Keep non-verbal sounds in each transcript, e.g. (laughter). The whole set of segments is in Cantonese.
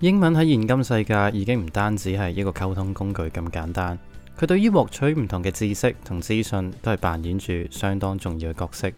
英文喺現今世界已經唔單止係一個溝通工具咁簡單，佢對於獲取唔同嘅知識同資訊都係扮演住相當重要嘅角色。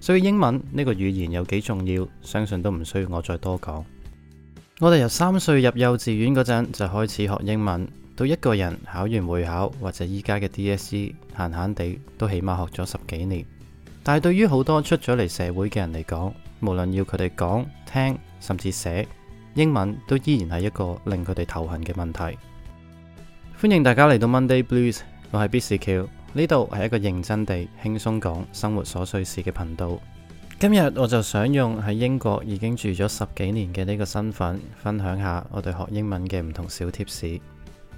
所以英文呢個語言有幾重要，相信都唔需要我再多講。我哋由三歲入幼稚園嗰陣就開始學英文，到一個人考完會考或者依家嘅 DSE，閒閒地都起碼學咗十幾年。但係對於好多出咗嚟社會嘅人嚟講，無論要佢哋講、聽，甚至寫。英文都依然係一個令佢哋頭痕嘅問題。歡迎大家嚟到 Monday Blues，我係 Bisik，呢度係一個認真地輕鬆講生活瑣碎事嘅頻道。今日我就想用喺英國已經住咗十幾年嘅呢個身份，分享下我哋學英文嘅唔同小貼士。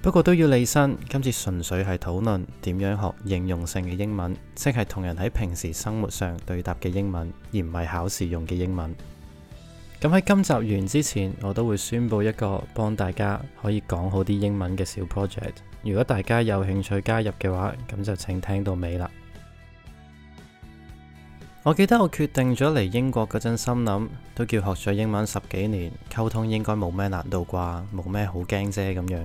不過都要利申，今次純粹係討論點樣學應用性嘅英文，即係同人喺平時生活上對答嘅英文，而唔係考試用嘅英文。咁喺今集完之前，我都會宣布一個幫大家可以講好啲英文嘅小 project。如果大家有興趣加入嘅話，咁就請聽到尾啦。 (noise) 我記得我決定咗嚟英國嗰陣，心諗都叫學咗英文十幾年，溝通應該冇咩難度啩，冇咩好驚啫咁樣。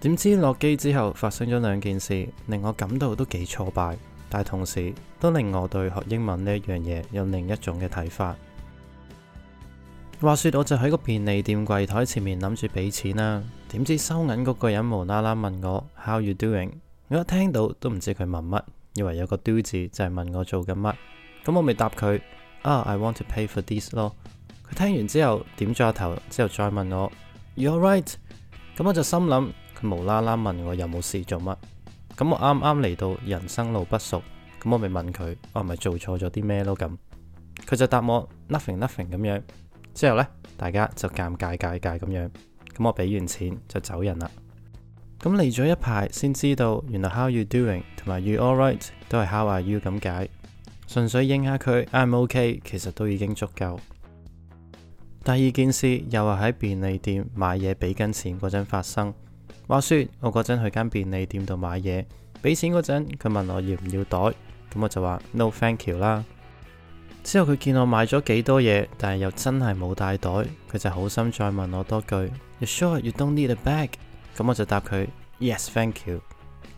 點知落機之後發生咗兩件事，令我感到都幾挫敗，但同時都令我對學英文呢一樣嘢有另一種嘅睇法。話說，我就喺個便利店櫃台前面諗住俾錢啦，啊，點知收銀嗰個人無啦啦問我 How you doing？我一聽到都唔知佢問乜，以為有個 do 字就係問我做緊乜咁，我咪答佢啊。Oh, I want to pay for this 咯。佢聽完之後點咗下頭，之後再問我 You're right？咁，嗯、我就心諗佢無啦啦問我有冇事做乜咁，嗯。我啱啱嚟到人生路不熟，咁，嗯、我咪問佢我係咪做錯咗啲咩咯？咁佢就答我 Nothing，Nothing 咁 nothing 樣。之後呢，大家就尷尬尷尬咁樣，咁我俾完錢就走人啦。咁嚟咗一排，先知道原來 how you doing 同埋 you alright 都係 how are you 咁解，純粹應下佢 I'm OK，其實都已經足夠。第二件事又話喺便利店買嘢俾緊錢嗰陣發生。話說我嗰陣去間便利店度買嘢，俾錢嗰陣佢問我要唔要袋，咁我就話 no thank you 啦。之後佢見我買咗幾多嘢，但係又真係冇帶袋，佢就好心再問我多句，You sure you don't need a bag？咁我就答佢 Yes，thank you。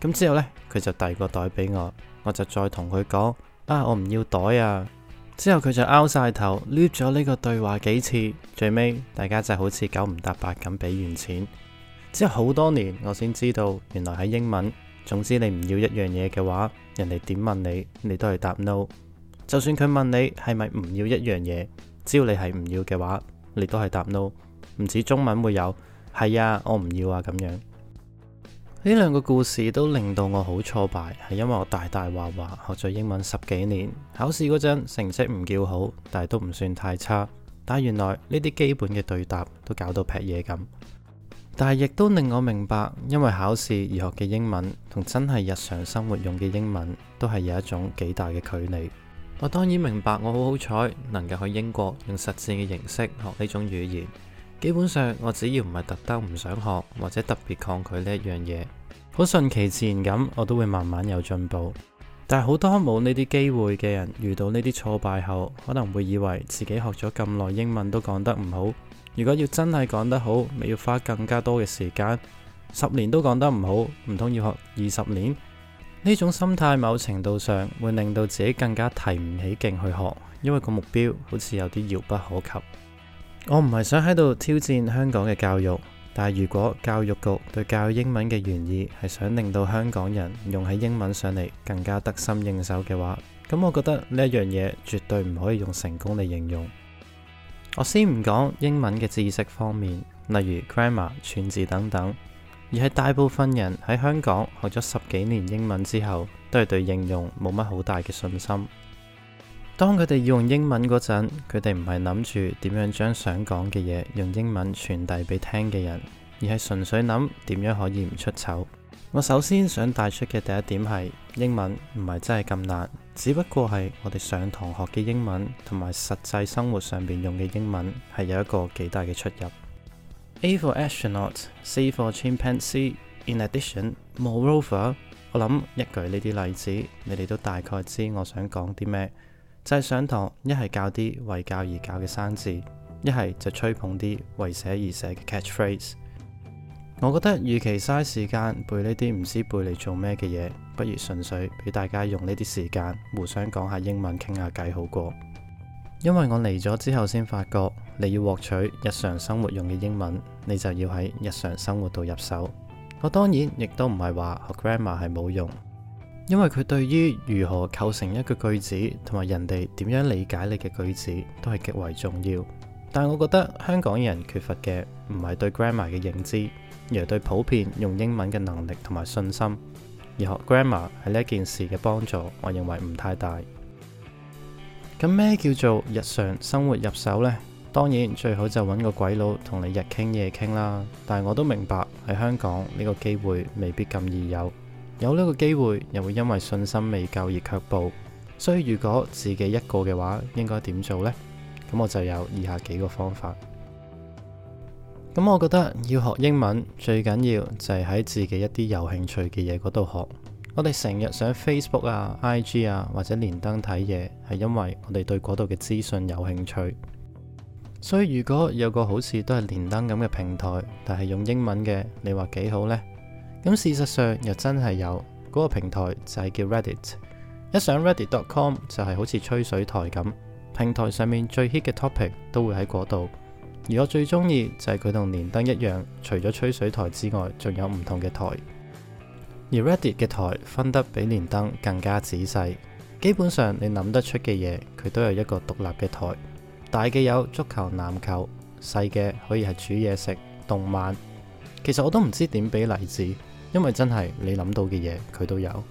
咁之後呢，佢就遞個袋俾我，我就再同佢講啊，我唔要袋啊。之後佢就 out 晒頭，lift 咗呢個對話幾次，最尾大家就好似九唔搭八咁俾完錢。之後好多年我先知道，原來喺英文，總之你唔要一樣嘢嘅話，人哋點問你，你都係答 no。就算佢問你係咪唔要一樣嘢，只要你係唔要嘅話，你都係答 no。唔止中文會有係呀，我唔要啊咁樣。呢兩個故事都令到我好挫敗，係因為我大大話話學咗英文十幾年，考試嗰陣成績唔叫好，但係都唔算太差。但係原來呢啲基本嘅對答都搞到劈嘢咁。但係亦都令我明白，因為考試而學嘅英文同真係日常生活用嘅英文都係有一種幾大嘅距離。我當然明白我，我好好彩能夠去英國用實戰嘅形式學呢種語言。基本上，我只要唔係特登唔想學或者特別抗拒呢一樣嘢，好順其自然咁，我都會慢慢有進步。但係好多冇呢啲機會嘅人，遇到呢啲挫敗後，可能會以為自己學咗咁耐英文都講得唔好。如果要真係講得好，要花更加多嘅時間，十年都講得唔好，唔通要學二十年？呢種心態某程度上會令到自己更加提唔起勁去學，因為個目標好似有啲遙不可及。我唔係想喺度挑戰香港嘅教育，但係如果教育局對教育英文嘅原意係想令到香港人用喺英文上嚟更加得心應手嘅話，咁我覺得呢一樣嘢絕對唔可以用成功嚟形容。我先唔講英文嘅知識方面，例如 grammar、串字等等。而係大部分人喺香港學咗十幾年英文之後，都係對應用冇乜好大嘅信心。當佢哋要用英文嗰陣，佢哋唔係諗住點樣將想講嘅嘢用英文傳遞俾聽嘅人，而係純粹諗點樣可以唔出醜。我首先想帶出嘅第一點，係英文唔係真係咁難，只不過係我哋上堂學嘅英文同埋實際生活上邊用嘅英文係有一個幾大嘅出入。A for astronaut, C for chimpanzee. In addition, moreover，我諗一舉呢啲例子，你哋都大概知我想講啲咩。就係上堂，一係教啲為教而教嘅生字，一係就吹捧啲為寫而寫嘅 catchphrase。我覺得與其嘥時間背呢啲唔知背嚟做咩嘅嘢，不如純粹俾大家用呢啲時間互相講下英文，傾下偈好過。因為我嚟咗之後先發覺。你要獲取日常生活用嘅英文，你就要喺日常生活度入手。我當然亦都唔係話學 grammar 係冇用，因為佢對於如何構成一個句子，同埋人哋點樣理解你嘅句子都係極為重要。但我覺得香港人缺乏嘅唔係對 grammar 嘅認知，而係對普遍用英文嘅能力同埋信心。而學 grammar 係呢件事嘅幫助，我認為唔太大。咁咩叫做日常生活入手呢？當然最好就揾個鬼佬同你日傾夜傾啦，但係我都明白喺香港呢個機會未必咁易有。有呢個機會又會因為信心未夠而卻步，所以如果自己一個嘅話，應該點做呢？咁我就有以下幾個方法。咁我覺得要學英文最緊要就係喺自己一啲有興趣嘅嘢嗰度學。我哋成日上 Facebook 啊、IG 啊或者連登睇嘢，係因為我哋對嗰度嘅資訊有興趣。所以如果有個好似都係連登咁嘅平台，但係用英文嘅，你話幾好呢？咁事實上又真係有，嗰個平台就係叫 Reddit。一上 Reddit.com 就係好似吹水台咁，平台上面最 hit 嘅 topic 都會喺嗰度。而我最中意就係佢同連登一樣，除咗吹水台之外，仲有唔同嘅台。而 Reddit 嘅台分得比連登更加仔細，基本上你諗得出嘅嘢，佢都有一個獨立嘅台。大嘅有足球、籃球，細嘅可以係煮嘢食、動漫。其實我都唔知點俾例子，因為真係你諗到嘅嘢佢都有。呢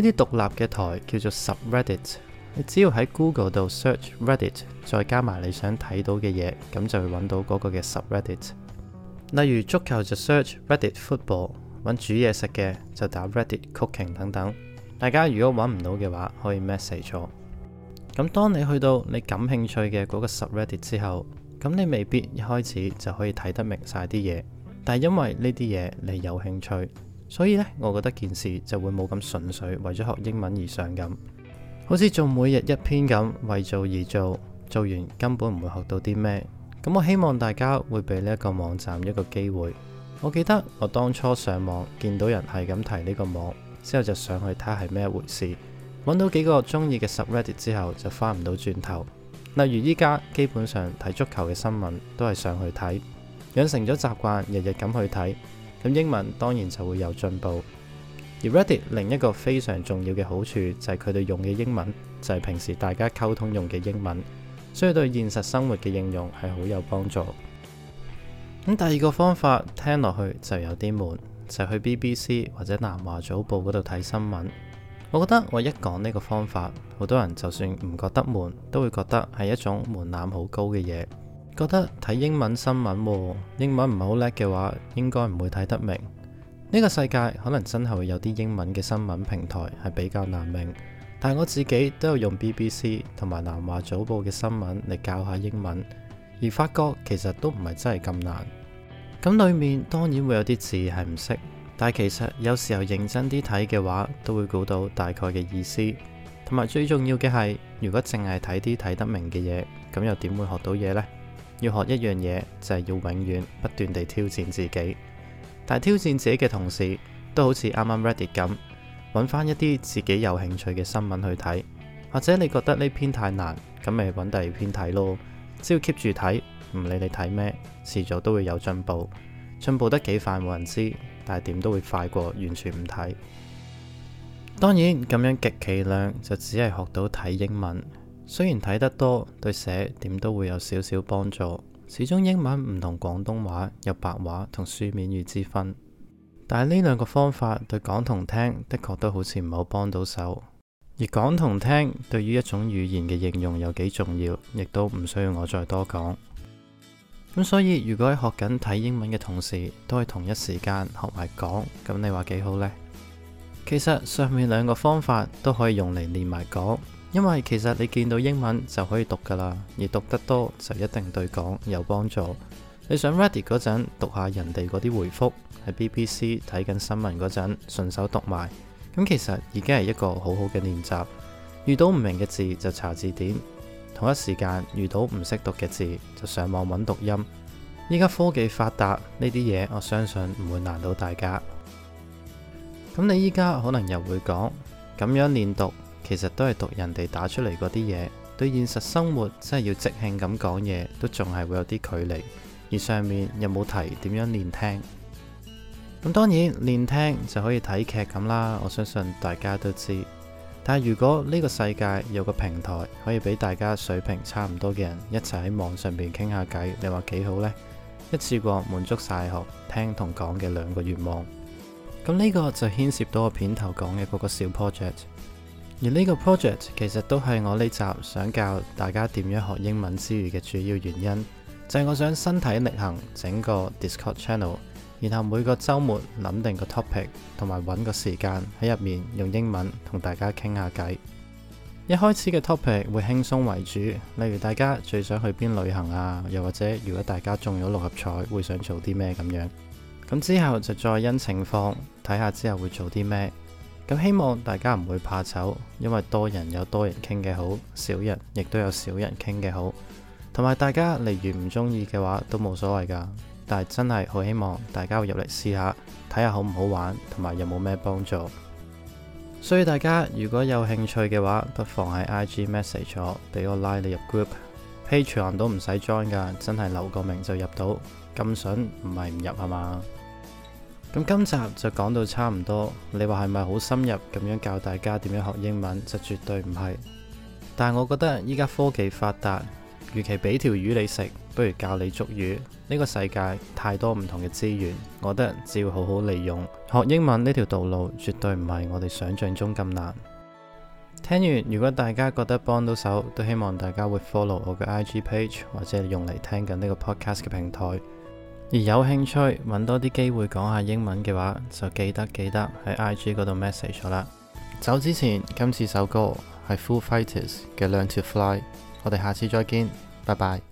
啲獨立嘅台叫做 SubReddit，你只要喺 Google 度 search Reddit，再加埋你想睇到嘅嘢，咁就會揾到嗰個嘅 SubReddit。例如足球就 search Reddit football，揾煮嘢食嘅就打 Reddit cooking 等等。大家如果揾唔到嘅話，可以 message 我。咁當你去到你感興趣嘅嗰個 subreddit 之後，咁你未必一開始就可以睇得明晒啲嘢，但係因為呢啲嘢你有興趣，所以呢，我覺得件事就會冇咁純粹，為咗學英文而上咁，好似做每日一篇咁為做而做，做完根本唔會學到啲咩。咁我希望大家會俾呢一個網站一個機會。我記得我當初上網見到人係咁提呢個網，之後就上去睇係咩回事。揾到幾個中意嘅 subreddit 之後，就翻唔到轉頭。例如依家基本上睇足球嘅新聞都係上去睇，養成咗習慣，日日咁去睇，咁英文當然就會有進步。而 Reddit 另一個非常重要嘅好處就係佢哋用嘅英文就係、是、平時大家溝通用嘅英文，所以對現實生活嘅應用係好有幫助。咁第二個方法聽落去就有啲悶，就是、去 BBC 或者南華早報嗰度睇新聞。我覺得我一講呢個方法，好多人就算唔覺得悶，都會覺得係一種門檻好高嘅嘢。覺得睇英文新聞喎，英文唔係好叻嘅話，應該唔會睇得明。呢個世界可能真係會有啲英文嘅新聞平台係比較難明，但係我自己都有用 BBC 同埋南華早報嘅新聞嚟教下英文，而發覺其實都唔係真係咁難。咁裡面當然會有啲字係唔識。但其實有時候認真啲睇嘅話，都會估到大概嘅意思。同埋最重要嘅係，如果淨係睇啲睇得明嘅嘢，咁又點會學到嘢呢？要學一樣嘢就係要永遠不斷地挑戰自己。但挑戰自己嘅同時，都好似啱啱 ready 咁，揾翻一啲自己有興趣嘅新聞去睇。或者你覺得呢篇太難，咁咪揾第二篇睇咯。只要 keep 住睇，唔理你睇咩，遲早都會有進步。進步得幾快冇人知，但係點都會快過完全唔睇。當然咁樣極其量就只係學到睇英文，雖然睇得多對寫點都會有少少幫助。始終英文唔同廣東話有白話同書面語之分，但係呢兩個方法對講同聽的確都好似唔好幫到手。而講同聽對於一種語言嘅應用有幾重要，亦都唔需要我再多講。咁所以如果喺學緊睇英文嘅同時，都係同一時間學埋講，咁你話幾好呢？其實上面兩個方法都可以用嚟練埋講，因為其實你見到英文就可以讀噶啦，而讀得多就一定對講有幫助。你想 read 嗰陣讀下人哋嗰啲回覆，喺 BBC 睇緊新聞嗰陣順手讀埋，咁其實已經係一個好好嘅練習。遇到唔明嘅字就查字典。同一時間遇到唔識讀嘅字，就上網揾讀音。依家科技發達，呢啲嘢我相信唔會難到大家。咁你依家可能又會講咁樣練讀，其實都係讀人哋打出嚟嗰啲嘢。對現實生活真係要即興咁講嘢，都仲係會有啲距離。而上面又冇提點樣練聽。咁當然練聽就可以睇劇咁啦，我相信大家都知。但係如果呢個世界有個平台可以俾大家水平差唔多嘅人一齊喺網上邊傾下偈，你話幾好呢？一次過滿足晒學聽同講嘅兩個願望。咁呢個就牽涉到我片頭講嘅嗰個小 project。而呢個 project 其實都係我呢集想教大家點樣學英文之餘嘅主要原因，就係我想身體力行整個 Discord Channel。然後每個周末諗定個 topic，同埋搵個時間喺入面用英文同大家傾下偈。一開始嘅 topic 會輕鬆為主，例如大家最想去邊旅行啊，又或者如果大家中咗六合彩，會想做啲咩咁樣。咁之後就再因情況睇下之後會做啲咩。咁希望大家唔會怕醜，因為多人有多人傾嘅好，少人亦都有少人傾嘅好。同埋大家例如唔中意嘅話，都冇所謂噶。但真係好希望大家會入嚟試下，睇下好唔好玩，同埋有冇咩幫助。所以大家如果有興趣嘅話，不妨喺 IG message 我，俾我拉你入 group。Patreon 都唔使 join 噶，真係留個名就入到。咁筍唔係唔入係嘛？咁今集就講到差唔多，你話係咪好深入咁樣教大家點樣學英文？就絕對唔係。但係我覺得依家科技發達，與其俾條魚你食。不如教你捉魚呢、這個世界太多唔同嘅資源，我覺得只要好好利用學英文呢條道路，絕對唔係我哋想象中咁難。聽完，如果大家覺得幫到手，都希望大家會 follow 我嘅 I G page 或者用嚟聽緊呢個 podcast 嘅平台。而有興趣揾多啲機會講下英文嘅話，就記得記得喺 I G 嗰度 message 啦。走之前，今次首歌係 Foo Fighters 嘅《Learn to Fly》，我哋下次再見，拜拜。